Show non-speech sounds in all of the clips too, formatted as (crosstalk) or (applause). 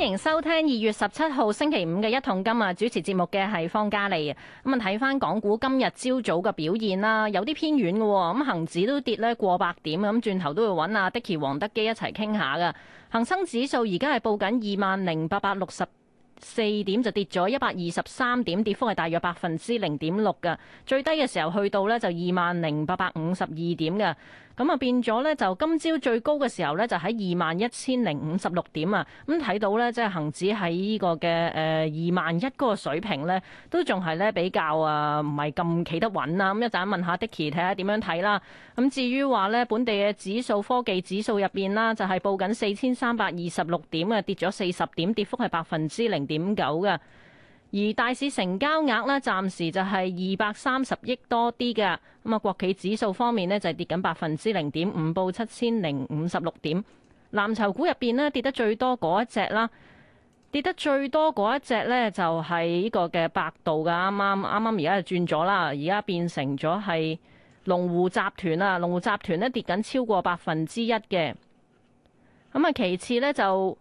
歡迎收聽二月十七號星期五嘅一桶金啊！主持節目嘅係方嘉莉咁啊，睇翻，港股今日朝早嘅表現啦，有啲偏軟嘅，咁恒指都跌咧過百點，咁轉頭都會揾阿 Dicky 黃德幾一齊傾下噶。恒生指數而家係報緊二萬零八百六十四點，就跌咗一百二十三點，跌幅係大約百分之零點六噶。最低嘅時候去到呢就二萬零八百五十二點噶。咁啊變咗咧，就今朝最高嘅時候咧，就喺二萬一千零五十六點啊！咁睇到咧，即係恒指喺呢個嘅誒二萬一嗰個水平咧，都仲係咧比較啊，唔係咁企得穩啊。咁一陣問下 Dicky 睇下點樣睇啦。咁至於話咧本地嘅指數科技指數入邊啦，就係報緊四千三百二十六點啊，跌咗四十點，跌幅係百分之零點九㗎。而大市成交額呢，暫時就係二百三十億多啲嘅咁啊。國企指數方面呢，就係跌緊百分之零點五，報七千零五十六點。藍籌股入邊呢，跌得最多嗰一隻啦，跌得最多嗰一隻呢，就係呢個嘅百度㗎。啱啱啱啱而家就轉咗啦，而家變成咗係龍湖集團啊！龍湖集團呢，跌緊超過百分之一嘅。咁啊，其次呢，就。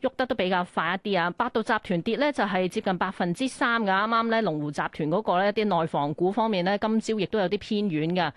喐得都比較快一啲啊！百度集團跌咧，就係接近百分之三㗎。啱啱咧，龍湖集團嗰個咧，啲內房股方面咧，今朝亦都有啲偏遠㗎。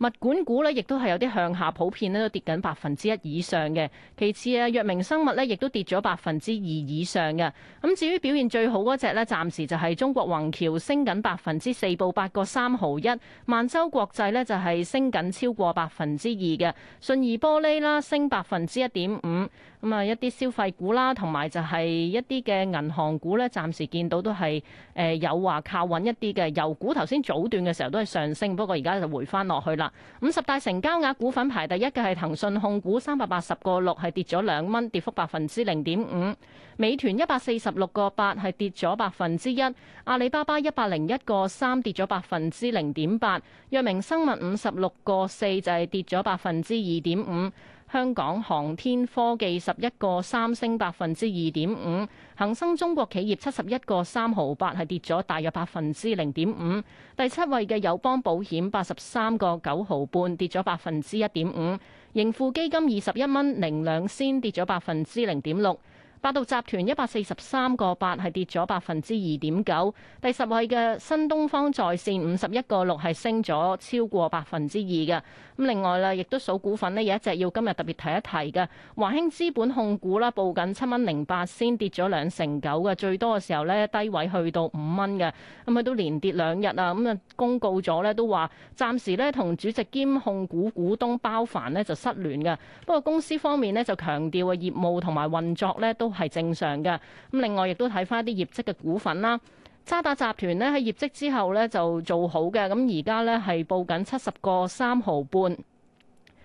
物管股呢亦都係有啲向下，普遍咧都跌緊百分之一以上嘅。其次啊，藥明生物呢亦都跌咗百分之二以上嘅。咁至於表現最好嗰隻呢，暫時就係中國宏橋升緊百分之四，報八個三毫一。萬洲國際呢就係、是、升緊超過百分之二嘅。信義玻璃啦，升百分之一點五。咁啊，一啲消費股啦，同埋就係一啲嘅銀行股呢，暫時見到都係誒、呃、有話靠穩一啲嘅。油股頭先早段嘅時候都係上升，不過而家就回翻落去啦。五十大成交額股份排第一嘅係騰訊控股三百八十個六，係跌咗兩蚊，跌幅百分之零點五。美團一百四十六個八係跌咗百分之一。阿里巴巴一百零一個三跌咗百分之零點八。藥明生物五十六個四就係跌咗百分之二點五。香港航天科技十一個三升百分之二點五，恒生中國企業七十一個三毫八係跌咗大約百分之零點五，第七位嘅友邦保險八十三個九毫半跌咗百分之一點五，盈富基金二十一蚊零兩仙跌咗百分之零點六。百度集團一百四十三個八係跌咗百分之二點九，第十位嘅新東方在線五十一個六係升咗超過百分之二嘅。咁另外咧，亦都數股份呢，有一隻要今日特別提一提嘅華興資本控股啦，報緊七蚊零八先跌咗兩成九嘅，最多嘅時候呢，低位去到五蚊嘅，咁、嗯、佢都連跌兩日啊。咁、嗯、啊，公告咗呢，都話暫時呢，同主席兼控股股東包凡呢就失聯嘅，不過公司方面呢，就強調嘅業務同埋運作呢都係正常嘅咁，另外亦都睇翻啲業績嘅股份啦。渣打集團咧喺業績之後呢就做好嘅，咁而家呢係報緊七十個三毫半，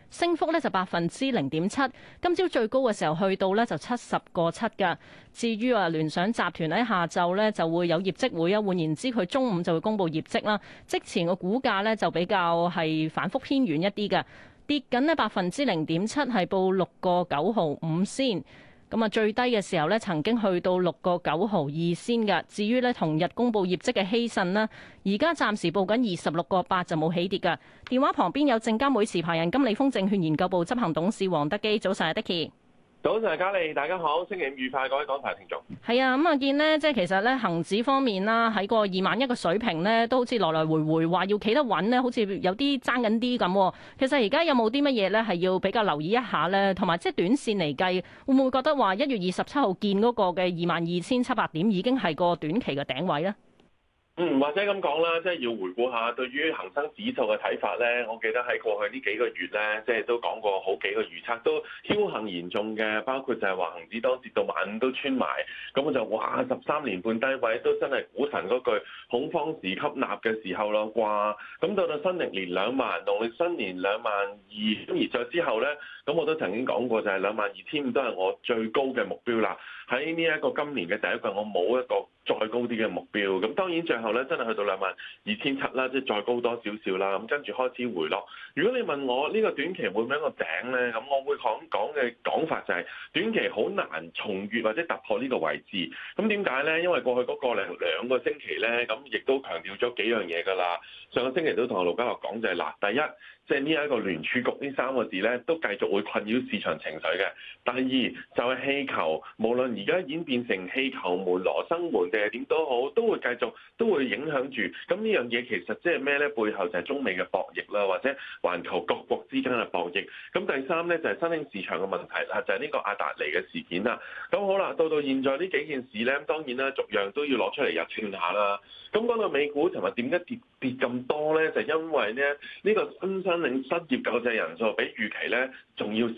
升幅呢就百分之零點七。今朝最高嘅時候去到呢就七十個七嘅。至於啊，聯想集團喺下晝呢就會有業績會啊，換言之，佢中午就會公布業績啦。即前個股價呢就比較係反覆偏軟一啲嘅，跌緊呢百分之零點七，係報六個九毫五先。咁啊最低嘅時候咧，曾經去到六個九毫二仙㗎。至於咧同日公佈業績嘅希慎咧，而家暫時報緊二十六個八就冇起跌㗎。電話旁邊有證監會持牌人金利豐證券研究部執行董事黃德幾，早晨啊，Dicky。早上，嘉莉，大家好，星期五愉快，各位港台嘅聽眾。係啊，咁啊見呢，即係其實咧，恒指方面啦，喺個二萬一個水平咧，都好似來來回回話要企得穩咧，好似有啲爭緊啲咁。其實而家有冇啲乜嘢咧，係要比較留意一下咧？同埋即係短線嚟計，會唔會覺得話一月二十七號見嗰個嘅二萬二千七百點已經係個短期嘅頂位咧？嗯，或者咁講啦，即係要回顧下對於恒生指數嘅睇法咧。我記得喺過去呢幾個月咧，即係都講過好幾個預測都飄行嚴重嘅，包括就係話恒指當時到萬五都穿埋，咁我就話十三年半低位都真係股神嗰句恐慌時吸納嘅時候咯，啩。咁到到新曆年兩萬，農曆新年兩萬二，咁而再之後咧，咁我都曾經講過就係兩萬二千五都係我最高嘅目標啦。喺呢一個今年嘅第一季，我冇一個再高啲嘅目標。咁當然最後呢，真係去到兩萬二千七啦，即係再高多少少啦。咁跟住開始回落。如果你問我呢個短期會唔會有一個頂呢？咁我會講講嘅講法就係、是、短期好難重越或者突破呢個位置。咁點解呢？因為過去嗰個零兩個星期呢，咁亦都強調咗幾樣嘢㗎啦。上個星期都同阿盧家樂講就係嗱，第一即係呢一個聯儲局呢三個字咧，都繼續會困擾市場情緒嘅。第二就係、是、氣球，無論而家演變成氣球門、羅生門定係點都好，都會繼續都會影響住。咁呢樣嘢其實即係咩咧？背後就係中美嘅博弈啦，或者環球各國之間嘅博弈。咁第三咧就係、是、新興市場嘅問題啦，就係、是、呢個阿達尼嘅事件啦。咁好啦，到到現在呢幾件事咧，當然啦，逐樣都要攞出嚟入串下啦。咁講到美股同埋點解跌？跌咁多咧，就是、因為咧呢、呢個新申領失業救濟人數比預期咧仲要少。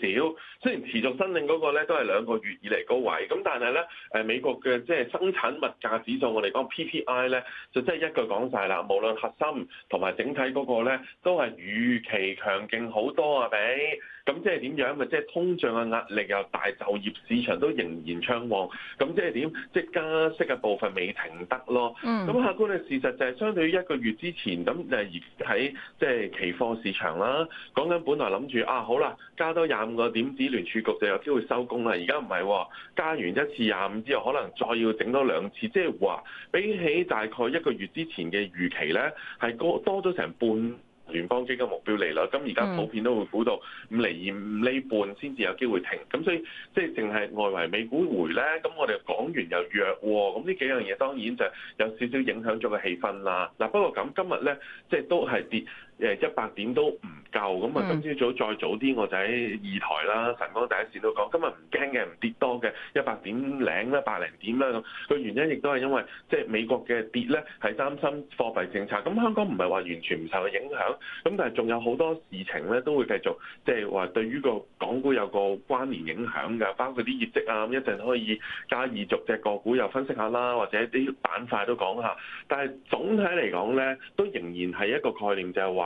雖然持續申領嗰個咧都係兩個月以嚟高位，咁但係咧誒美國嘅即係生產物價指數我，我哋講 PPI 咧，就真係一句講晒啦。無論核心同埋整體嗰個咧，都係預期強勁好多啊比！比咁即係點樣？咪即係通脹嘅壓力又大，就業市場都仍然暢旺。咁即係點？即係加息嘅部分未停得咯。咁客觀嘅事實就係、是、相對於一個月之。前咁誒而喺即係期貨市場啦，講緊本來諗住啊好啦，加多廿五個點子，聯儲局就有機會收工啦。而家唔係，加完一次廿五之後，可能再要整多兩次，即係話比起大概一個月之前嘅預期咧，係多咗成半。聯邦基金目標利率，咁而家普遍都會估到五厘、五厘半先至有機會停，咁所以即係淨係外圍美股回咧，咁我哋講完又弱，咁呢幾樣嘢當然就有少少影響咗個氣氛啦。嗱，不過咁今日咧，即係都係跌。誒一百點都唔夠，咁啊今朝早再早啲，我就喺二台啦、晨光第一線都講，今日唔驚嘅，唔跌多嘅，一百點零啦、百零點啦咁。個原因亦都係因為即係、就是、美國嘅跌咧，係擔心貨幣政策。咁香港唔係話完全唔受佢影響，咁但係仲有好多事情咧都會繼續，即係話對於個港股有個關聯影響㗎，包括啲業績啊，一陣可以加二續隻個，個股又分析下啦，或者啲板塊都講下。但係總體嚟講咧，都仍然係一個概念，就係話。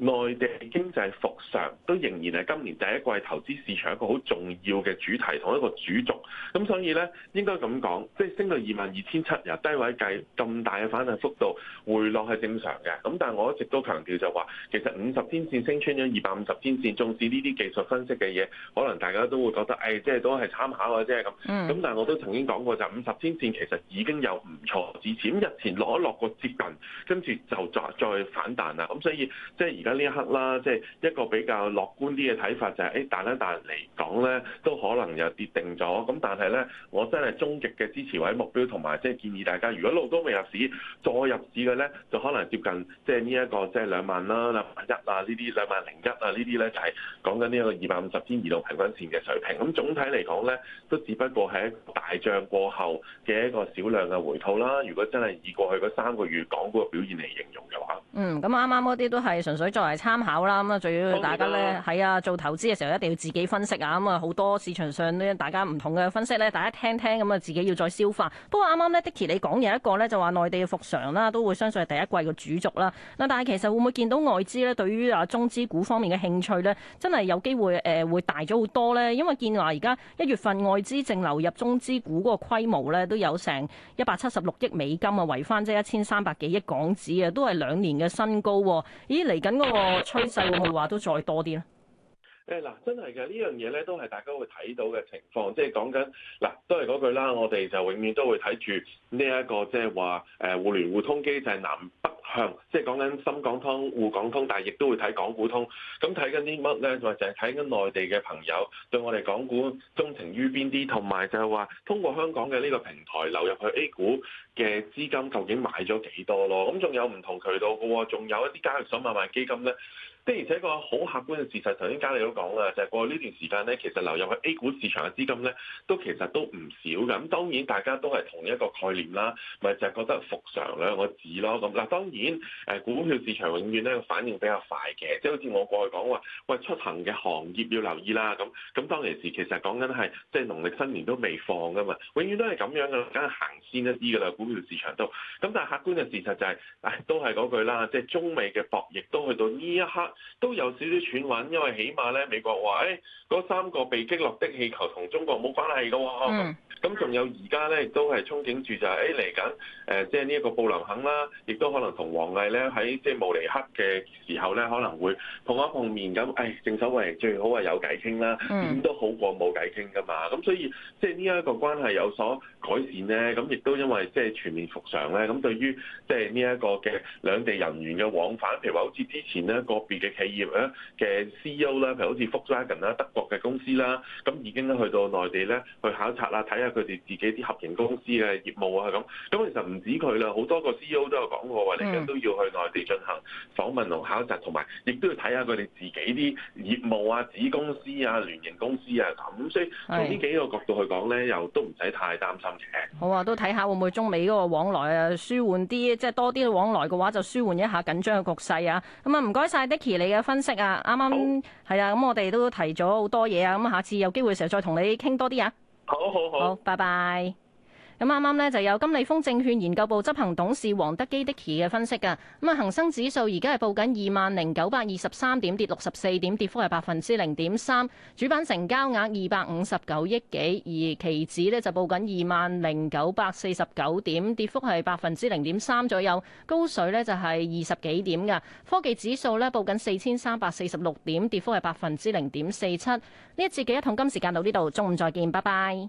內地經濟復常都仍然係今年第一季投資市場一個好重要嘅主題同一個主軸，咁所以呢，應該咁講，即係升到二萬二千七由低位計咁大嘅反彈幅度回落係正常嘅。咁但係我一直都強調就話，其實五十天線升穿咗二百五十天線，縱使呢啲技術分析嘅嘢，可能大家都會覺得誒、哎，即係都係參考啊啫係咁。咁但係我都曾經講過就五十天線其實已經有唔錯支持，咁日前落一落個接近，跟住就再再反彈啦。咁所以即係呢一刻啦，即係一個比較樂觀啲嘅睇法就係，誒，大咧大嚟講咧，都可能又跌定咗。咁但係咧，我真係終極嘅支持位目標同埋，即係建議大家，如果路都未入市，再入市嘅咧，就可能接近即係呢一個即係兩萬啦、兩萬一啊、呢啲兩萬零一啊、呢啲咧，就係講緊呢一個二百五十天移動平均線嘅水平。咁總體嚟講咧，都只不過係一個大漲過後嘅一個少量嘅回吐啦。如果真係以過去嗰三個月港股嘅表現嚟形容嘅話，嗯，咁啱啱嗰啲都係純粹。作為參考啦，咁啊，最緊要大家咧，喺啊做投資嘅時候一定要自己分析啊，咁啊好多市場上咧，大家唔同嘅分析咧，大家聽聽咁啊，自己要再消化。不過啱啱呢，Dicky 你講有一個咧，就話內地嘅復常啦，都會相信係第一季嘅主軸啦。嗱，但係其實會唔會見到外資咧，對於啊中資股方面嘅興趣咧，真係有機會誒會大咗好多咧？因為見話而家一月份外資淨流入中資股嗰個規模咧，都有成一百七十六億美金啊，維翻即係一千三百幾億港紙啊，都係兩年嘅新高。咦，嚟緊？嗰個趨勢會唔會話都再多啲咧？誒嗱、欸，真係嘅呢樣嘢咧，都係大家會睇到嘅情況，即係講緊嗱，都係嗰句啦，我哋就永遠都會睇住呢一個即係話誒互聯互通機制南北。嗯、即係講緊深港通、滬港通，但係亦都會睇港股通。咁睇緊啲乜呢？就係睇緊內地嘅朋友對我哋港股鍾情於邊啲，同埋就係話通過香港嘅呢個平台流入去 A 股嘅資金，究竟買咗幾多咯？咁仲有唔同渠道嘅喎，仲有一啲交易所買賣基金呢。即係而且個好客觀嘅事實，頭先嘉利都講啦，就係過去呢段時間咧，其實流入去 A 股市場嘅資金咧，都其實都唔少嘅。咁當然大家都係同一個概念啦，咪就係覺得復常兩個字咯咁。嗱當然，誒股票市場永遠咧反應比較快嘅，即係好似我過去講話，喂出行嘅行業要留意啦。咁咁當其時其實講緊係，即係農曆新年都未放㗎嘛，永遠都係咁樣嘅，梗係行先一啲嘅啦，股票市場都。咁但係客觀嘅事實就係，唉，都係嗰句啦，即係中美嘅博弈都去到呢一刻。 (noise) 都有少少喘穩，因為起碼咧美國話：誒，嗰三個被擊落的氣球同中國冇關係噶喎。 (noise) (noise) 咁仲有而家咧，亦都係憧憬住就係誒嚟緊誒，即係呢一個布林肯啦，亦都可能同王毅咧喺即係慕尼黑嘅時候咧，可能會碰一碰面咁。誒、哎，正所謂最好係有偈傾啦，點、嗯、都好過冇偈傾噶嘛。咁所以即係呢一個關係有所改善咧，咁亦都因為即係全面復常咧，咁對於即係呢一個嘅兩地人員嘅往返，譬如話好似之前咧個別嘅企業咧嘅 C E O 啦，譬如好似 Volkswagen 啦，德國嘅公司啦，咁已經都去到內地咧去考察啦，睇下。佢哋自己啲合營公司嘅業務啊，咁咁其實唔止佢啦，好多個 CEO 都有講過話，嚟緊、嗯、都要去內地進行訪問同考察，同埋亦都要睇下佢哋自己啲業務啊、子公司啊、聯營公司啊咁。所以從呢幾個角度去講咧，又都唔使太擔心嘅。好啊，都睇下會唔會中美嗰個往來啊，舒緩啲，即係多啲往來嘅話，就舒緩一下緊張嘅局勢。謝謝剛剛好啊。咁啊，唔該晒 Dicky 你嘅分析啊。啱啱係啊，咁我哋都提咗好多嘢啊。咁下次有機會成日再同你傾多啲啊。好好好，好，拜拜。咁啱啱呢就有金利豐證券研究部執行董事黃德幾 Dicky 嘅分析㗎。咁啊，恆生指數而家係報緊二萬零九百二十三點，跌六十四點，跌幅係百分之零點三。主板成交額二百五十九億幾，而期指呢就報緊二萬零九百四十九點，跌幅係百分之零點三左右。高水呢就係二十幾點嘅科技指數呢報緊四千三百四十六點，跌幅係百分之零點四七。呢一節嘅一桶金時間到呢度，中午再見，拜拜。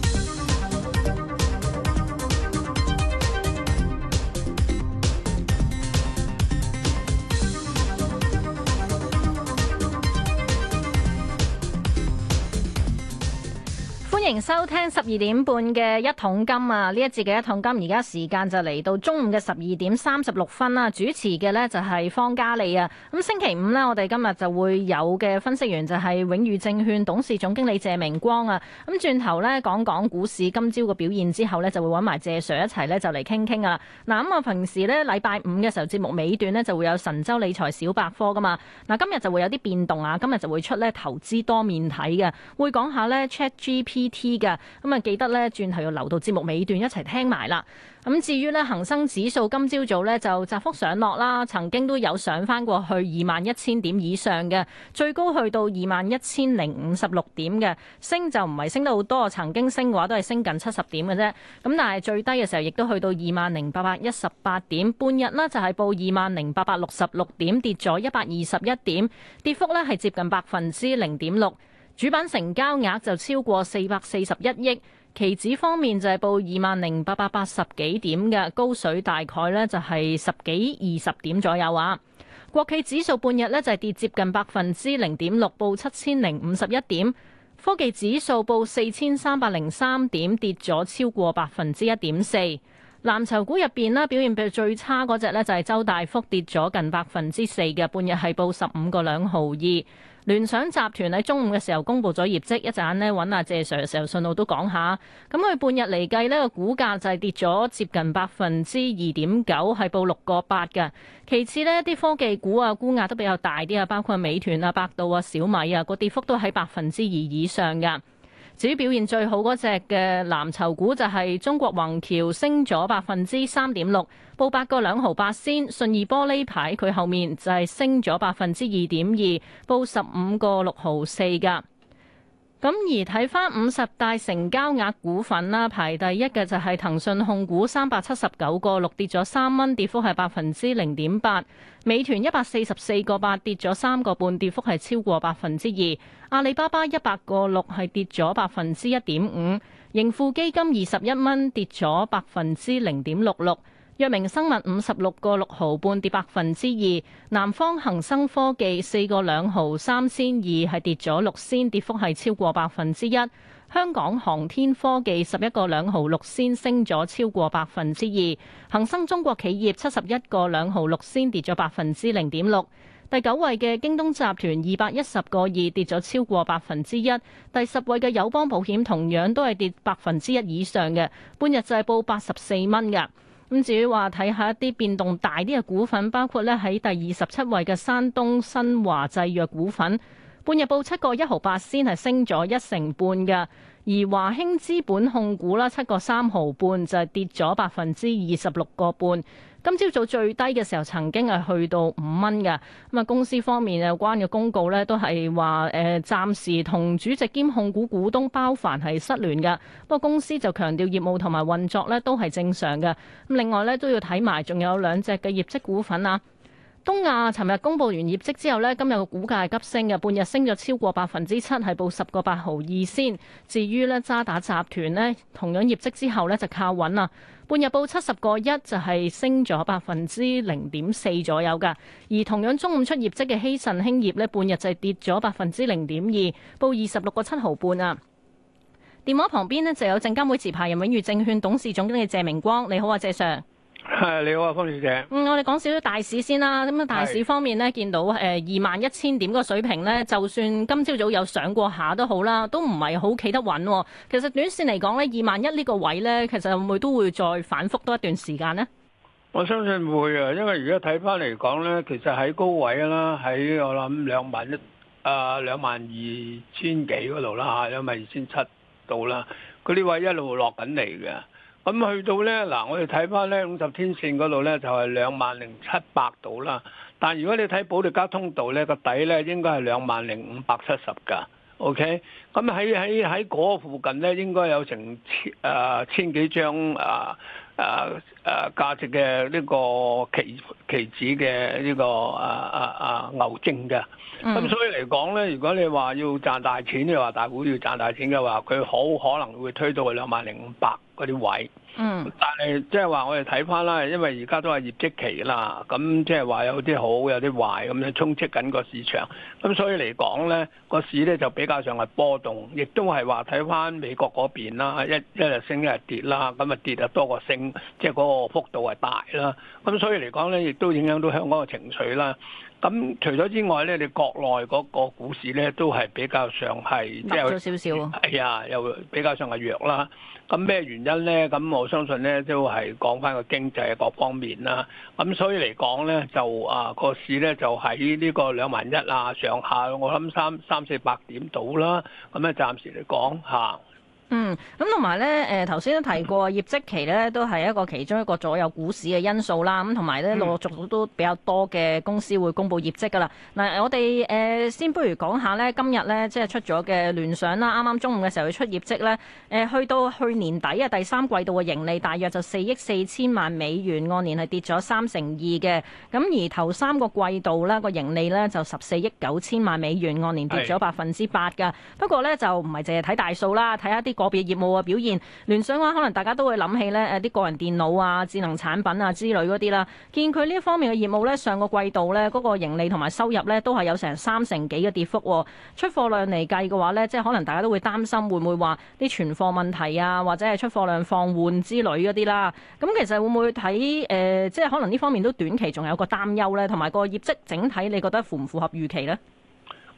歡迎收聽十二點半嘅一桶金啊！呢一節嘅一桶金，而家時間就嚟到中午嘅十二點三十六分啦、啊。主持嘅呢就係方嘉莉啊。咁星期五呢，我哋今日就會有嘅分析員就係永裕證券董事總經理謝明光啊。咁轉頭呢講講股市今朝嘅表現之後呢，就會揾埋謝 Sir 一齊呢就嚟傾傾噶啦。嗱咁啊，平時呢禮拜五嘅時候節目尾段呢，就會有神州理財小百科噶嘛。嗱、啊、今日就會有啲變動啊，今日就會出呢投資多面睇嘅，會講下呢 ChatGPT T 嘅咁啊，記得咧轉頭要留到節目尾段一齊聽埋啦。咁至於呢恒生指數，今朝早咧就窄幅上落啦，曾經都有上翻過去二萬一千點以上嘅，最高去到二萬一千零五十六點嘅，升就唔係升得好多，曾經升嘅話都係升近七十點嘅啫。咁但係最低嘅時候亦都去到二萬零八百一十八點，半日呢就係報二萬零八百六十六點，跌咗一百二十一點，跌幅呢係接近百分之零點六。主板成交額就超過四百四十一億，期指方面就係報二萬零八百八十幾點嘅高水，大概咧就係十幾二十點左右啊。國企指數半日咧就係跌接近百分之零點六，報七千零五十一點。科技指數報四千三百零三點，跌咗超過百分之一點四。藍籌股入邊咧表現最最差嗰隻呢，就係周大福跌咗近百分之四嘅，半日係報十五個兩毫二。聯想集團喺中午嘅時候公布咗業績，一陣呢咧揾阿謝 Sir，謝 Sir 順路都講下。咁佢半日嚟計呢個股價就係跌咗接近百分之二點九，係報六個八嘅。其次呢啲科技股啊，沽壓都比較大啲啊，包括美團啊、百度啊、小米啊，個跌幅都喺百分之二以上嘅。至於表現最好嗰隻嘅藍籌股就係中國宏橋，升咗百分之三點六，報八個兩毫八仙。信義玻璃排，佢後面就係升咗百分之二點二，報十五個六毫四㗎。咁而睇翻五十大成交額股份啦，排第一嘅就係騰訊控股三百七十九個六，跌咗三蚊，跌幅係百分之零點八。美團一百四十四個八，跌咗三個半，跌幅係超過百分之二。阿里巴巴一百個六係跌咗百分之一點五。盈富基金二十一蚊，跌咗百分之零點六六。藥明生物五十六個六毫半跌百分之二，南方恒生科技四個兩毫三千二係跌咗六仙，跌幅係超過百分之一。香港航天科技十一個兩毫六仙升咗超過百分之二，恒生中國企業七十一個兩毫六仙跌咗百分之零點六。第九位嘅京東集團二百一十個二跌咗超過百分之一，第十位嘅友邦保險同樣都係跌百分之一以上嘅，半日就係報八十四蚊㗎。咁至於話睇下一啲變動大啲嘅股份，包括咧喺第二十七位嘅山東新華製藥股份，半日報七個一毫八先係升咗一成半㗎，而華興資本控股啦，七個三毫半就係跌咗百分之二十六個半。今朝早最低嘅時候曾經係去到五蚊㗎，咁啊公司方面有關嘅公告呢都係話誒暫時同主席兼控股股東包凡係失聯㗎，不過公司就強調業務同埋運作呢都係正常㗎。咁另外呢都要睇埋，仲有兩隻嘅業績股份啊。東亞尋日公布完業績之後呢，今日個股價急升嘅，半日升咗超過百分之七，係報十個八毫二先。至於呢，渣打集團呢同樣業績之後呢就靠穩啦，半日報七十個一，就係升咗百分之零點四左右嘅。而同樣中午出業績嘅希慎興業呢，半日就係跌咗百分之零點二，報二十六個七毫半啊。電話旁邊呢就有證監會持牌人永裕證券董事總經理謝明光，你好啊，謝 Sir 係你好啊，方小姐。嗯，我哋講少少大市先啦。咁啊，大市方面咧，是見到誒二萬一千點個水平咧，就算今朝早有上過下都好啦，都唔係好企得穩、哦。其實短線嚟講咧，二萬一呢個位咧，其實會唔會都會再反覆多一段時間呢？我相信唔會啊，因為而家睇翻嚟講咧，其實喺高位 21,、呃、22, 啦，喺我諗兩萬一啊，兩萬二千幾嗰度啦吓，兩萬二千七度啦，嗰啲位一路落緊嚟嘅。咁、嗯、去到呢，嗱，我哋睇返呢五十天線嗰度呢，就係兩萬零七百度啦。但如果你睇保歷加通道呢個底呢，應該係兩萬零五百七十㗎。OK，咁喺喺喺嗰附近呢，應該有成千誒、呃、千幾張啊。呃誒誒、啊啊、價值嘅呢個期期指嘅呢個誒誒誒牛證嘅，咁、嗯、所以嚟講咧，如果你話要賺大錢，你話大股要賺大錢嘅話，佢好可能會推到去兩萬零五百嗰啲位。嗯，但係即係話我哋睇翻啦，因為而家都係業績期啦，咁即係話有啲好，有啲壞咁樣充斥緊個市場，咁所以嚟講咧，個市咧就比較上係波動，亦都係話睇翻美國嗰邊啦，一一日升一日跌啦，咁啊跌啊多過升，即係嗰個幅度係大啦，咁所以嚟講咧，亦都影響到香港嘅情緒啦。咁除咗之外咧，你國內嗰個股市咧都係比較上係即係弱咗少少喎。係啊，又比較上係弱啦。咁咩原因咧？咁我相信咧都係講翻個經濟各方面啦。咁所以嚟講咧，就啊市呢就個市咧就喺呢個兩萬一啊上下，我諗三三四百點度啦。咁啊，暫時嚟講嚇。嗯，咁同埋咧，誒頭先都提過業績期咧，都係一個其中一個左右股市嘅因素啦。咁同埋咧，嗯、陸續續都比較多嘅公司會公佈業績噶啦。嗱，我哋誒、呃、先不如講下呢，今日呢，即係出咗嘅聯想啦，啱啱中午嘅時候佢出業績呢，誒、呃、去到去年底啊第三季度嘅盈利大約就四億四千萬美元，按年係跌咗三成二嘅。咁而頭三個季度咧個盈利呢就十四億九千萬美元，按年跌咗百分之八噶。的不過呢，就唔係淨係睇大數啦，睇一啲。個別業務嘅表現，聯想嘅話可能大家都會諗起咧誒啲個人電腦啊、智能產品啊之類嗰啲啦。見佢呢一方面嘅業務咧，上個季度咧嗰個盈利同埋收入咧都係有成三成幾嘅跌幅。出貨量嚟計嘅話咧，即係可能大家都會擔心會唔會話啲存貨問題啊，或者係出貨量放緩之類嗰啲啦。咁其實會唔會睇誒、呃，即係可能呢方面都短期仲有個擔憂咧，同埋個業績整體，你覺得符唔符合預期咧？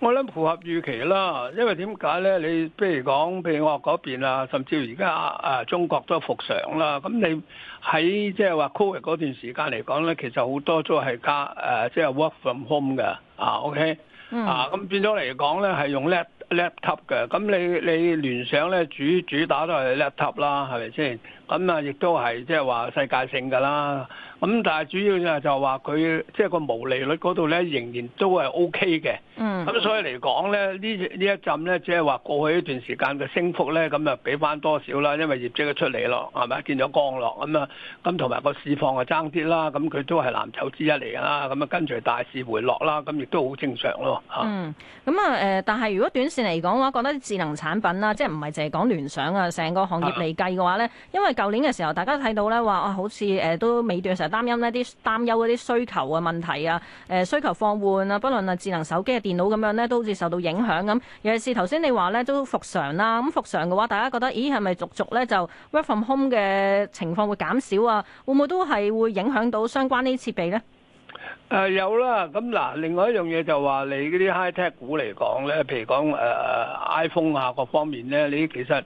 我諗符合預期啦，因為點解咧？你譬如講，譬如我嗰邊啊，甚至而家啊，中國都復常啦。咁你喺即係話 Covid 嗰段時間嚟講咧，其實好多都係加誒，即係 work from home 嘅啊。OK，、嗯、啊，咁變咗嚟講咧，係用 lap laptop 嘅。咁你你聯想咧主主打都係 laptop 啦，係咪先？咁啊，亦都係即係話世界性噶啦。咁但係主要就係話佢即係個毛利率嗰度咧，仍然都係 O K 嘅。嗯。咁、嗯、所以嚟講咧，一呢呢一陣咧，即係話過去呢段時間嘅升幅咧，咁啊俾翻多少啦，因為業績都出嚟咯，係咪？見咗降落咁啊，咁同埋個市況啊，爭啲啦。咁佢都係藍籌之一嚟噶啦。咁啊，跟住大市回落啦，咁亦都好正常咯。嗯。咁啊，誒，但係如果短線嚟講嘅話，覺得啲智能產品啦，即係唔係淨係講聯想啊，成個行業嚟計嘅話咧，因為。舊年嘅時候，大家睇到咧話啊，好似誒都尾段成日擔憂呢啲擔憂啲需求嘅問題啊，誒、呃、需求放緩啊，不論係智能手機啊電腦咁樣咧，都好似受到影響咁。尤其是頭先你話咧都復常啦，咁復常嘅話，大家覺得咦係咪逐逐咧就 work from home 嘅情況會減少啊？會唔會都係會影響到相關設呢啲設備咧？誒、呃、有啦，咁嗱，另外一樣嘢就話你嗰啲 high tech 股嚟講咧，譬如講誒、呃、iPhone 啊各方面咧，你其實。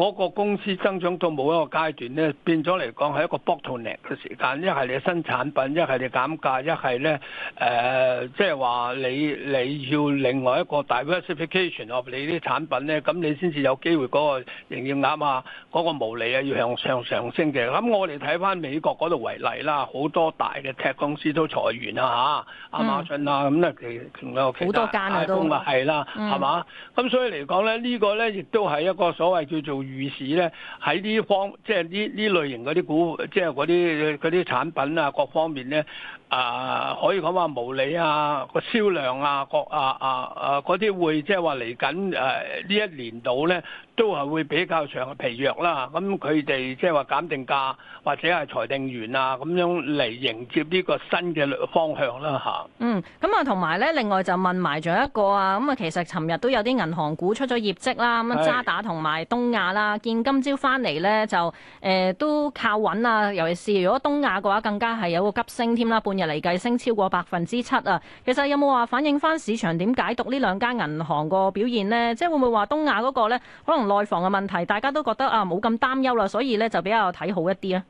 嗰個公司增長到某一個階段咧，變咗嚟講係一個 bottleneck 嘅時間，一係你新產品，一係你減價，一係咧誒，即係話你你要另外一個 diversification 你啲產品咧，咁你先至有機會嗰、那個營業額啊，嗰、那個那個那個毛利啊，要向上上升嘅。咁我哋睇翻美國嗰度為例啦，好多大嘅 Tech 公司都裁員啊。嚇，阿馬俊啊，咁咧、嗯啊、其他仲有好多間啊 iPhone 咪係啦，係嘛、嗯？咁所以嚟講咧，這個、呢個咧亦都係一個所謂叫做預市咧喺呢方，即係呢呢類型嗰啲股，即係嗰啲嗰啲產品啊，各方面咧。啊，可以講話無理啊，個銷量啊，個啊啊啊嗰啲會即係話嚟緊誒呢一年度咧，都係會比較長嘅疲弱啦。咁佢哋即係話減定價或者係裁定員啊咁樣嚟迎接呢個新嘅方向啦吓，嗯，咁啊同埋咧，另外就問埋咗一個啊，咁啊其實尋日都有啲銀行股出咗業績啦，咁渣打同埋東亞啦，見今朝翻嚟咧就誒、eh, 都靠穩啊，尤其是如果東亞嘅話，更加係有個急升添啦，半日嚟計升超過百分之七啊！其實有冇話反映翻市場點解讀呢兩間銀行個表現呢？即係會唔會話東亞嗰個咧，可能內房嘅問題大家都覺得啊冇咁擔憂啦，所以呢就比較睇好一啲啊。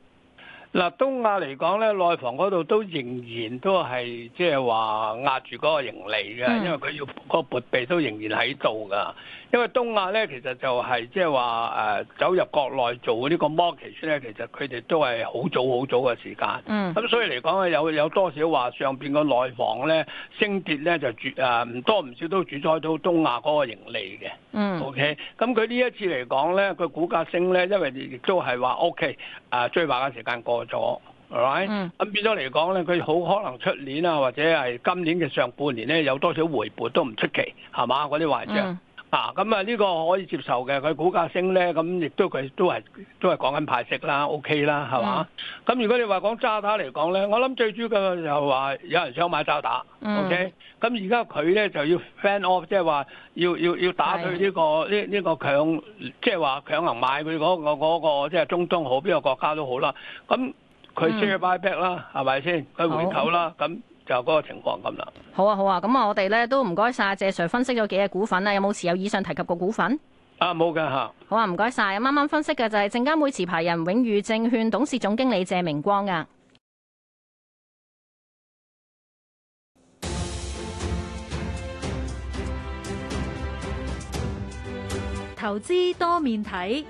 嗱，東亞嚟講呢，內房嗰度都仍然都係即係話壓住嗰個盈利嘅，嗯、因為佢要、嗰個撥備都仍然喺度噶。因為東亞咧，其實就係即係話誒走入國內做個呢個 mortgage 咧，其實佢哋都係好早好早嘅時間。嗯。咁所以嚟講啊，有有多少話上邊個內房咧升跌咧就絕誒唔、呃、多唔少都主宰到東亞嗰個盈利嘅。嗯。O K。咁佢呢一次嚟講咧，佢股價升咧，因為亦都係話 O K。啊，最壞嘅時間過咗，係咪？嗯。咁變咗嚟講咧，佢好可能出年啊，或者係今年嘅上半年咧，有多少回撥都唔出奇，係嘛？嗰啲壞賬。嗯嗱，咁啊呢、呢個可以接受嘅，佢股價升咧，咁亦都佢都係都係講緊派息啦，OK 啦，係嘛？咁、嗯、如果你話講渣打嚟講咧，我諗最主要就係話有人想買渣打，O K。咁而家佢咧就要 friend off，即係話要要要打退呢、呢個呢呢是的、呢個強、呢個，即係話強行買佢嗰、嗰個、嗰個嗰個嗰個、即係中東好，邊個國家都好、嗯嗯、啦。咁佢 share buy back 啦，係咪先？佢回購啦，咁。就嗰個情況咁啦。好啊，好啊，咁啊，我哋咧都唔該晒。謝 Sir 分析咗幾隻股份啊，有冇持有以上提及個股份？啊，冇嘅嚇。啊好啊，唔該晒。啱啱分析嘅就係證監會持牌人永裕證券董事總經理謝明光啊。投資多面睇。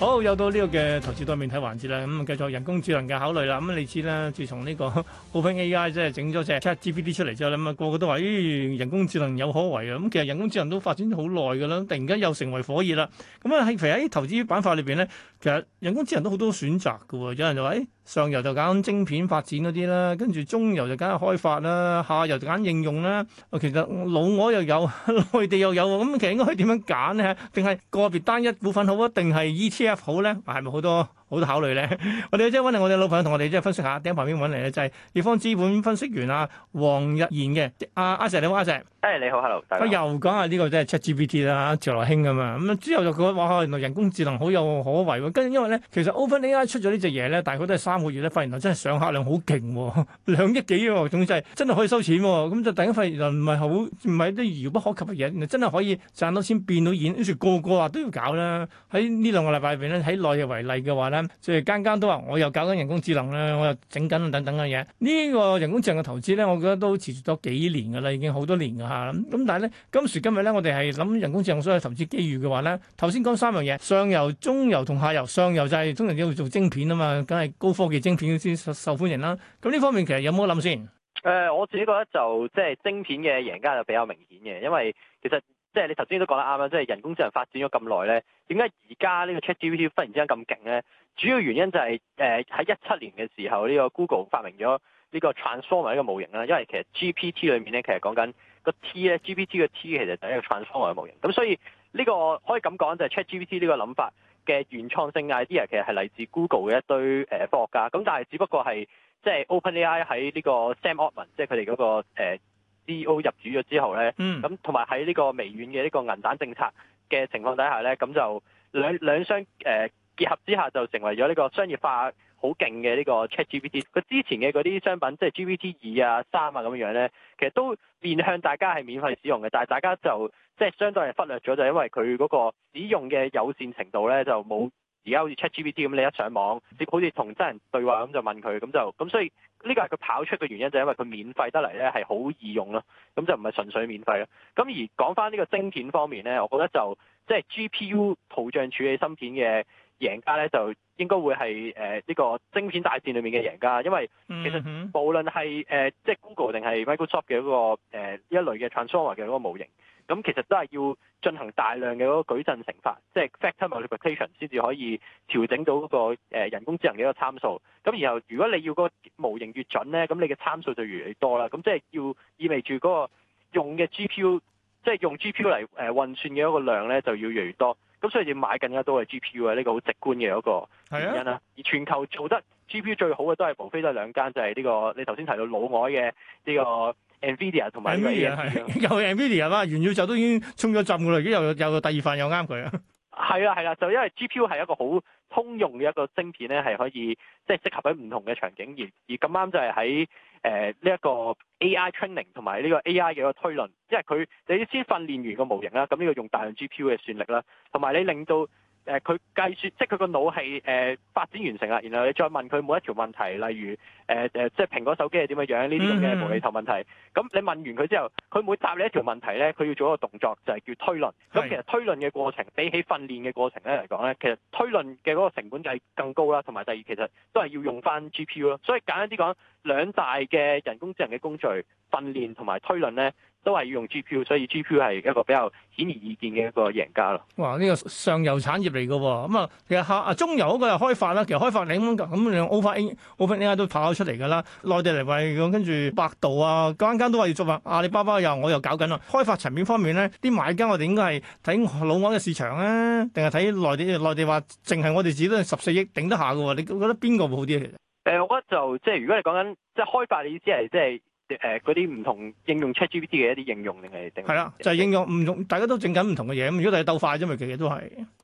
好，又到呢個嘅投資方面睇環節啦，咁啊繼續人工智能嘅考慮啦。咁、嗯、你知啦，自從呢個 OpenAI 即係整咗隻 ChatGPT 出嚟之後，咁、嗯、啊個個都話咦、哎、人工智能有可為啊。咁、嗯、其實人工智能都發展咗好耐噶啦，突然間又成為火熱啦。咁啊喺，譬如喺投資板塊裏邊咧。其實人工智能都好多選擇㗎喎，有人就話誒、哎、上游就揀晶片發展嗰啲啦，跟住中游就揀開發啦，下游就揀應用啦。其實老外又有，內地又有，咁其實應該可以點樣揀咧？定係個別單一股份好啊？定係 ETF 好咧？係咪好多？好多考慮咧，我哋即係揾嚟我哋老朋友同我哋即係分析下，第一，旁邊揾嚟咧就係乙方資本分析員阿黃德幾嘅阿阿 Sir 你好，阿石，誒你好，hello。大家又講下呢個即係 ChatGPT 啦，趙來興咁啊，咁之後又覺得哇，原來人工智能好有可為喎。跟住因為咧，其實 OpenAI 出咗呢隻嘢咧，大概都係三個月咧，發現原來真係上客量好勁喎，兩億幾喎，總之係真係可以收錢喎。咁就突然發現原來唔係好，唔係啲遙不可及嘅嘢，真係可以賺到錢、變到現。跟住個個話都要搞啦。喺呢兩個禮拜入邊咧，喺內地為例嘅話咧。即係間間都話我又搞緊人工智能咧，我又整緊等等嘅嘢。呢、這個人工智能嘅投資咧，我覺得都持續咗幾年噶啦，已經好多年噶啦。咁但係咧今時今日咧，我哋係諗人工智能所有投資機遇嘅話咧，頭先講三樣嘢：上游、中游同下游。上游就係通常要做晶片啊嘛，梗係高科技晶片先受歡迎啦。咁呢方面其實有冇得諗先？誒、呃，我自己覺得就即係、就是、晶片嘅贏家就比較明顯嘅，因為其實即係、就是、你頭先都講得啱啦，即、就、係、是、人工智能發展咗咁耐咧，點解而家呢個 ChatGPT 忽然之間咁勁咧？主要原因就係誒喺一七年嘅時候，呢、這個 Google 發明咗呢個 Transformer 一個模型啦。因為其實 GPT 裏面咧，其實講緊個 T 咧，GPT 嘅 T 其實就係一個 Transformer 嘅模型。咁所以呢、這個可以咁講，就係、是、ChatGPT 呢個諗法嘅原創性 idea 其實係嚟自 Google 嘅一堆誒、呃、科學家。咁但係只不過係即係、就是、OpenAI 喺呢個 Sam Altman 即係佢哋嗰個誒、呃、CEO 入主咗之後咧，咁同埋喺呢個微軟嘅呢個銀彈政策嘅情況底下咧，咁就兩兩雙誒。嗯結合之下就成為咗呢個商業化好勁嘅呢個 ChatGPT。佢之前嘅嗰啲商品，即係 GPT 二啊、三啊咁樣咧，其實都面向大家係免費使用嘅，但係大家就即係相對係忽略咗，就係因為佢嗰個使用嘅友善程度咧，就冇而家好似 ChatGPT 咁，你一上網接，好似同真人對話咁就問佢咁就咁，所以呢個係佢跑出嘅原因，就係因為佢免費得嚟咧係好易用咯，咁就唔係純粹免費咯。咁而講返呢個晶片方面咧，我覺得就即係 GPU 圖像處理芯片嘅。贏家咧就應該會係誒呢個晶片大戰裡面嘅贏家，因為其實無論係誒即、呃、係、就是、Google 定係 Microsoft 嘅嗰、那個、呃、一類嘅 Transformer 嘅嗰個模型，咁其實都係要進行大量嘅嗰個矩陣乘法，即、就、係、是、factor multiplication 先至可以調整到嗰、那個、呃、人工智能嘅一個參數。咁然後如果你要個模型越準咧，咁你嘅參數就越嚟越多啦。咁即係要意味住嗰個用嘅 GPU，即係用 GPU 嚟誒、呃、運算嘅一個量咧，就要越嚟越多。咁所以要買更加多嘅 G P U 啊，呢個好直觀嘅一個原因啦。啊、而全球做得 G P U 最好嘅都係無非都係兩間，就係、是、呢、呢個你頭先提到老外嘅呢個 Nvidia 同埋。係 Nvidia 係。又 Nvidia 係啦，元宇宙都已經衝咗浸噶啦，而家又又，又第二份又啱佢啊。係啊，係啊，就因為 G P U 係一個好通用嘅一個晶片咧，係可以即係適合喺唔同嘅場景，而而咁啱就係喺。誒，呢一個 AI training 同埋呢個 AI 嘅一個推論，因為佢你先訓練完個模型啦，咁呢個用大量 GPU 嘅算力啦，同埋你令到。誒，佢計、呃、算即係佢個腦係誒發展完成啦，然後你再問佢每一條問題，例如誒誒、呃呃，即係蘋果手機係點樣樣呢啲咁嘅無厘頭問題。咁、嗯、你問完佢之後，佢每答你一條問題咧，佢要做一個動作，就係、是、叫推論。咁其實推論嘅過程比起訓練嘅過程咧嚟講咧，其實推論嘅嗰個成本就係更高啦。同埋第二，其實都係要用翻 GPU 咯。所以簡單啲講，兩大嘅人工智能嘅工序訓練同埋推論咧。都係要用 G P U，所以 G P U 係一個比較顯而易見嘅一個贏家咯。哇，呢個上游產業嚟嘅、啊，咁啊其實下啊中游嗰個係開發啦，其實開發你咁樣，咁樣 o f a a o f a a 都跑咗出嚟噶啦。內地嚟話，咁跟住百度啊，間間都話要做埋阿里巴巴又我又搞緊啦、啊。開發層面方面咧，啲買家我哋應該係睇老外嘅市場啊，定係睇內地？內地話淨係我哋自己都係十四億頂得下嘅喎、啊？你覺得邊個會好啲嚟？誒、呃，我覺得就即、是、係如果你講緊即係開發嘅意思係即係。誒嗰啲唔同應用 ChatGPT 嘅一啲應用，定係定係，啦，的是就係應用唔同，大家都整緊唔同嘅嘢。咁如果係鬥快啫嘛，其實都係。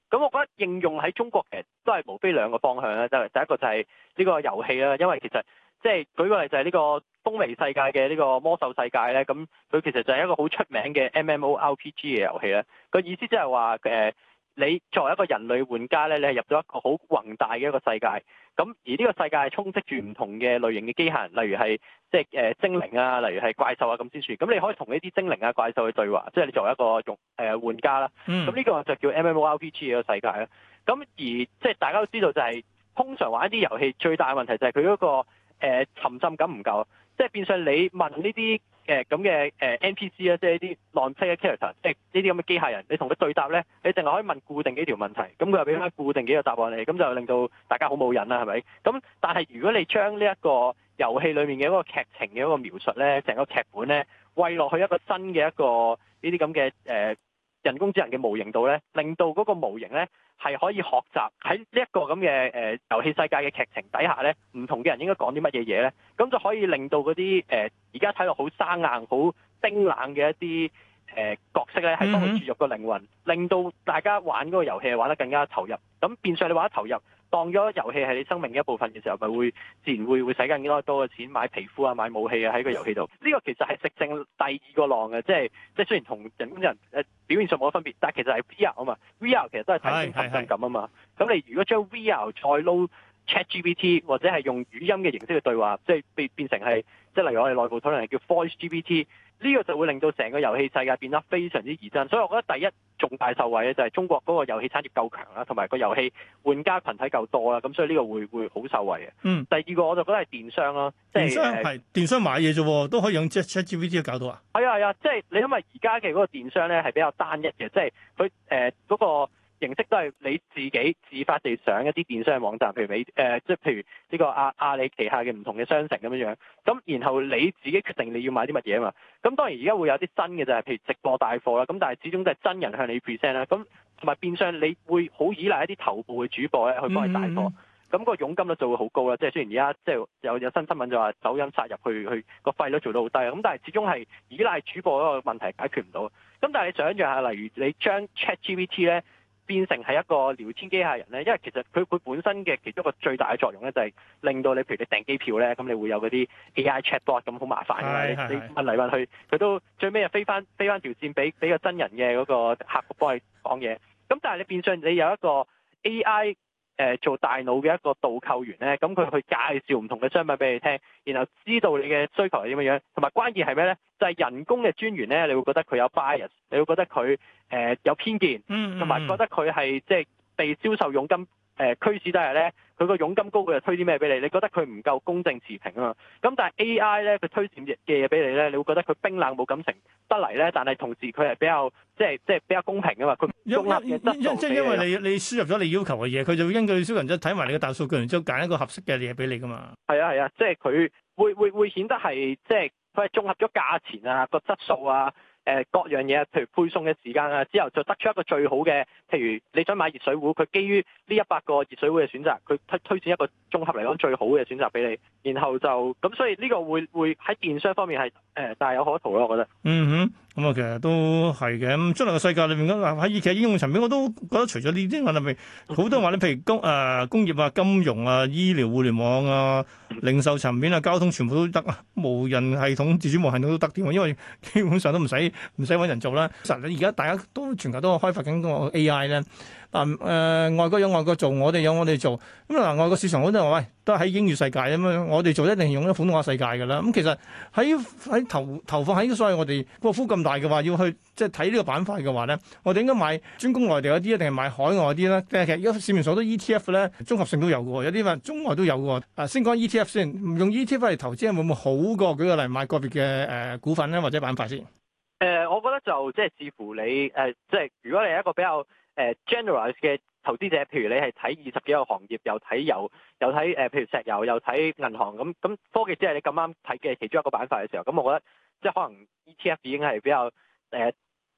咁我覺得應用喺中國其實、呃、都係無非兩個方向咧，就係第一個就係呢個遊戲啦，因為其實即係、就是、舉個例就係呢個《風靡世界》嘅呢個《魔獸世界》咧、嗯，咁佢其實就係一個好出名嘅 MMORPG 嘅遊戲咧。個意思即係話誒。呃你作為一個人類玩家咧，你係入咗一個好宏大嘅一個世界，咁而呢個世界係充斥住唔同嘅類型嘅機械人，例如係即係誒精靈啊，例如係怪獸啊咁先算。咁你可以同呢啲精靈啊、怪獸去對話，即係你作為一個用誒玩家啦。咁呢個就叫 MMORPG 嘅世界啦。咁而即係大家都知道、就係，就係通常玩一啲遊戲最大嘅問題就係佢嗰個、呃、沉浸感唔夠，即係變相你問呢啲嘅咁嘅誒 NPC 啊，即係一啲浪費嘅 character，即係呢啲咁嘅機械人，你同佢對答咧，你淨係可以問固定幾條問題，咁佢又俾翻固定幾個答案你，咁就令到大家好冇癮啦，係咪？咁、嗯、但係如果你將呢一個遊戲裡面嘅一個劇情嘅一個描述咧，成個劇本咧，餵落去一個新嘅一個呢啲咁嘅誒。這人工智能嘅模型度咧，令到嗰個模型咧係可以學習喺呢一個咁嘅誒遊戲世界嘅劇情底下咧，唔同嘅人應該講啲乜嘢嘢咧，咁就可以令到嗰啲誒而家睇落好生硬、好冰冷嘅一啲誒、呃、角色咧，係幫佢注入個靈魂，令到大家玩嗰個遊戲玩得更加投入。咁變相你玩得投入。當咗遊戲係你生命嘅一部分嘅時候，咪會自然會會使更多多嘅錢買皮膚啊、買武器啊喺個遊戲度。呢、這個其實係食正第二個浪嘅，啊，即係即係雖然同人工人、呃、表面上冇乜分別，但係其實係 VR 啊嘛。VR 其實都係提升沉浸感啊嘛。咁你如果將 VR 再 l ChatGPT 或者係用語音嘅形式去對話，即係變變成係即係例如我哋內部討論係叫 VoiceGPT，呢個就會令到成個遊戲世界變得非常之逼真。所以我覺得第一重大受惠嘅就係中國嗰個遊戲產業夠強啦，同埋個遊戲玩家群體夠多啦，咁所以呢個會會好受惠嘅。嗯，第二個我就覺得係電商咯，即係電商電商買嘢啫，都可以用 ChatGPT 搞到啊？係啊係啊，即係你因為而家嘅嗰個電商咧係比較單一嘅，即係佢誒嗰個。形式都係你自己自發地上一啲電商網站，譬如你誒，即、呃、係譬如呢個亞阿，阿里旗下嘅唔同嘅商城咁樣樣。咁然後你自己決定你要買啲乜嘢啊嘛。咁當然而家會有啲真嘅就係譬如直播帶貨啦。咁但係始終都係真人向你 present 啦。咁同埋電商，你會好依賴一啲頭部嘅主播咧去幫你帶貨。咁、嗯、個佣金率就會好高啦。即係雖然而家即係有有新新聞就話抖音殺入去去個費率做到好低啊。咁但係始終係依賴主播嗰個問題解決唔到。咁但係你想象下，例如你將 ChatGPT 咧。變成係一個聊天機械人咧，因為其實佢佢本身嘅其中一個最大嘅作用咧，就係令到你譬如你訂機票咧，咁你會有嗰啲 AI chatbot 咁好麻煩㗎嘛， (laughs) 你問嚟問去，佢都最尾啊飛翻飛翻條線俾俾個真人嘅嗰個客服幫你講嘢，咁但係你變相你有一個 AI。誒做大腦嘅一個導購員咧，咁佢去介紹唔同嘅商品俾你聽，然後知道你嘅需求係點樣樣，同埋關鍵係咩咧？就係、是、人工嘅專員咧，你會覺得佢有 bias，你會覺得佢誒、呃、有偏見，同埋覺得佢係即係被銷售佣金。誒驅使都係咧，佢個佣金高，佢就推啲咩俾你？你覺得佢唔夠公正持平啊嘛？咁但係 A I 咧，佢推薦嘅嘢俾你咧，你會覺得佢冰冷冇感情得嚟咧。但係同時佢係比較即係即係比較公平啊嘛。佢綜合嘅質素嘅即係因為你你輸入咗你要求嘅嘢，佢就會根據輸入嘅睇埋你嘅大數據，然之後揀一個合適嘅嘢俾你噶嘛。係啊係啊，啊，即係佢會會會顯得係即係佢係綜合咗價錢啊、個質素啊。誒、呃、各樣嘢，譬如配送嘅時間啊，之後就得出一個最好嘅，譬如你想買熱水壺，佢基於呢一百個熱水壺嘅選擇，佢推推薦一個綜合嚟講最好嘅選擇俾你，然後就咁，所以呢個會會喺電商方面係誒、呃，大有可圖咯，我覺得。嗯哼。咁啊，其實都係嘅。咁將來嘅世界裏邊咁，喺其實應用層面，我都覺得除咗呢啲，我諗咪好多人話你，譬如工誒、呃、工業啊、金融啊、醫療、互聯網啊、零售層面啊、交通，全部都得啊！無人系統、自主無人系統都得添。因為基本上都唔使唔使揾人做啦。其實你而家大家都全球都開發緊個 AI 咧。啊、呃！外國有外國做，我哋有我哋做。咁、嗯、啊、呃，外國市場好多人話，喂，都喺英語世界咁樣。我哋做一定用咗普通話世界嘅啦。咁其實喺喺投投放喺所謂我哋個幅咁大嘅話，要去即係睇呢個板塊嘅話咧，我哋應該買專攻內地嗰啲，定係買海外啲咧？但係其實一市面上所有 ETF 咧，綜合性都有嘅，有啲話中外都有嘅。啊、呃，先講 ETF 先，唔用 ETF 嚟投資會唔會好過舉個例買個別嘅誒股份咧，或者板塊先？誒、呃，我覺得就即係視乎你誒、呃，即係如果你係一個比較。誒 generalize 嘅投資者，譬如你係睇二十幾個行業，又睇油，又睇誒、呃，譬如石油，又睇銀行咁，咁科技只係你咁啱睇嘅其中一個板塊嘅時候，咁我覺得即係可能 ETF 已經係比較誒、呃。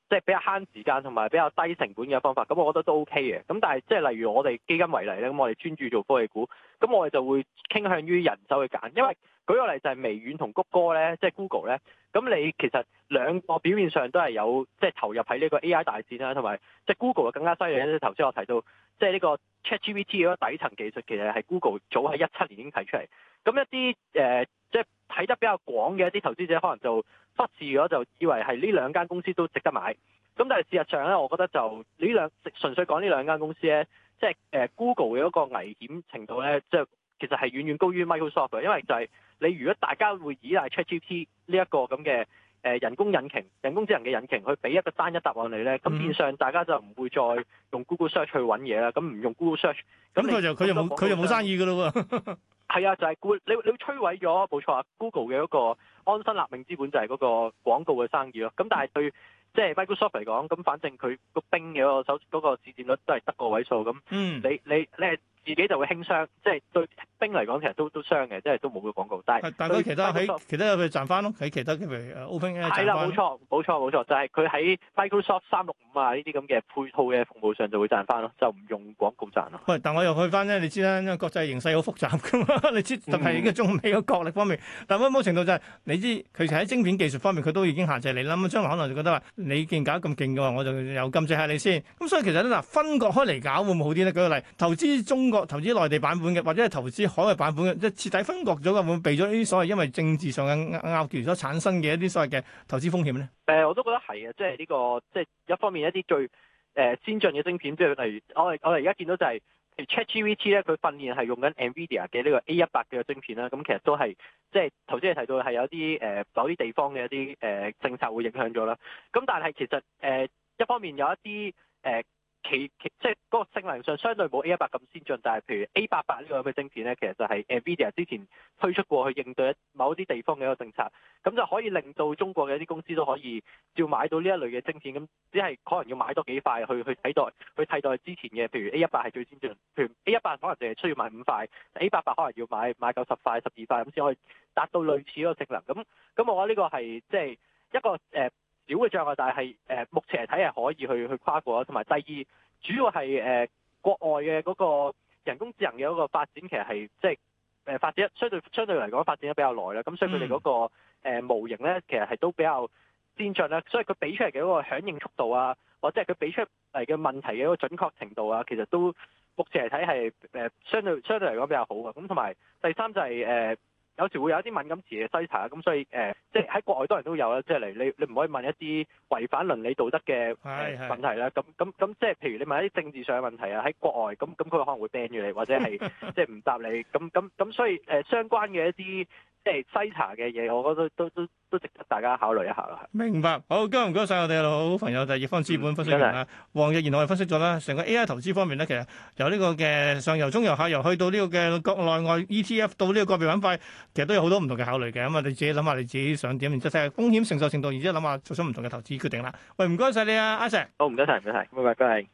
即係比較慳時間同埋比較低成本嘅方法，咁我覺得都 OK 嘅。咁但係即係例如我哋基金為例咧，咁我哋專注做科技股，咁我哋就會傾向於人手去揀，因為舉個例就係微軟同谷歌咧，即係 Google 咧，咁你其實兩個表面上都係有即係投入喺呢個 AI 大戰啦，同埋即係 Google 更加犀利咧。頭先我提到即係呢個 ChatGPT 嗰個底層技術，其實係 Google 早喺一七年已經提出嚟。咁一啲誒，即係睇得比較廣嘅一啲投資者，可能就忽視咗，就以為係呢兩間公司都值得買。咁但係事實上咧，我覺得就呢兩純粹講呢兩間公司咧，即係誒 Google 嘅一個危險程度咧，即係其實係遠遠高於 Microsoft。因為就係、是、你如果大家會依賴 ChatGPT 呢一個咁嘅誒人工引擎、人工智能嘅引擎去俾一個單一答案你咧，咁變相大家就唔會再用 Google Search 去揾嘢啦。咁唔用 Google Search，咁佢、嗯、就佢就冇佢就冇生意噶啦喎。 (laughs) 係啊，就係、是、固你你摧毀咗冇錯啊，Google 嘅嗰個安身立命之本就係嗰個廣告嘅生意咯。咁但係對即係 Microsoft 嚟講，咁、就是、反正佢個 Bing 嘅個首嗰、那個市佔率都係得個位數咁。嗯，你你咧？自己就會輕傷，即係對 Bing 嚟講其實都都傷嘅，即係都冇個廣告。但係但係佢其他喺以其他佢賺翻咯，喺其他譬如 OpenAI 冇錯冇錯冇錯，就係佢喺 Microsoft 三六五啊呢啲咁嘅配套嘅服務上就會賺翻咯，就唔用廣告賺咯。但我又去翻咧，你知啦，因為國際形勢好複雜噶嘛， (laughs) 你知特別係依個中美嘅國力方面。但係冇冇程度就係你知，其實喺晶片技術方面佢都已經限制你啦。咁將來可能就覺得話你既然搞咁勁嘅話，我就又禁止下你先。咁所以其實咧嗱，分割開嚟搞會唔會好啲咧？舉個例，投資中國。投資內地版本嘅，或者係投資海外版本嘅，即係徹底分割咗嘅，會避咗呢啲所謂因為政治上嘅拗撬所產生嘅一啲所謂嘅投資風險咧。誒、呃，我都覺得係啊，即係呢個，即、就、係、是、一方面一啲最誒、呃、先進嘅晶片，即係例如我哋我哋而家見到就係 ChatGPT 咧，佢訓練係用緊 NVIDIA 嘅呢個 A 一百嘅晶片啦。咁其實都係即係頭先你提到係有啲誒某啲地方嘅一啲誒、呃、政策會影響咗啦。咁但係其實誒、呃、一方面有一啲誒。呃其即係嗰個性能上相對冇 A 一百咁先進，但係譬如 A 八八呢個咁嘅晶片咧，其實就係 Nvidia 之前推出過去應對某一啲地方嘅一個政策，咁就可以令到中國嘅一啲公司都可以照買到呢一類嘅晶片，咁只係可能要買多幾塊去去替代去替代之前嘅，譬如 A 一百係最先進，譬如 A 一百可能淨係需要買五塊，A 八八可能要買買夠十塊、十二塊咁先可以達到類似嗰個性能。咁咁我覺得呢個係即係一個誒。呃少嘅障礙，但係係、呃、目前嚟睇係可以去去跨過。同埋第二主要係誒、呃、國外嘅嗰個人工智能嘅一個發展，其實係即係誒發展相對相對嚟講發展得比較耐啦。咁所以佢哋嗰個模型咧，其實係都比較先進啦。所以佢俾出嚟嘅嗰個響應速度啊，或者係佢俾出嚟嘅問題嘅一個準確程度啊，其實都目前嚟睇係誒相對相對嚟講比較好嘅。咁同埋第三就係、是、誒。呃有時會有一啲敏感詞嘅篩查啦，咁所以誒、呃，即係喺國外當然都有啦，即係嚟你你唔可以問一啲違反倫理道德嘅誒問題啦，咁咁咁即係譬如你問一啲政治上嘅問題啊，喺國外咁咁佢可能會 ban 住你或者係 (laughs) 即係唔答你，咁咁咁所以誒、呃、相關嘅一啲。即係西茶嘅嘢，我覺得都都都值得大家考慮一下啦。明白，好，今日唔該晒我哋老好朋友，就係易方資本分析員啦。黃、嗯、德幾，我哋分析咗啦，成個 AI 投資方面咧，其實由呢個嘅上游、中游、下游，去到呢個嘅國內外 ETF，到呢個個別板塊，其實都有好多唔同嘅考慮嘅。咁、嗯、啊，你自己諗下你自己想點，然之後睇下風險承受程度，然之後諗下做出唔同嘅投資決定啦。喂，唔該晒你啊，阿 Sir。好，唔該晒。唔該曬。唔該，拜拜拜拜。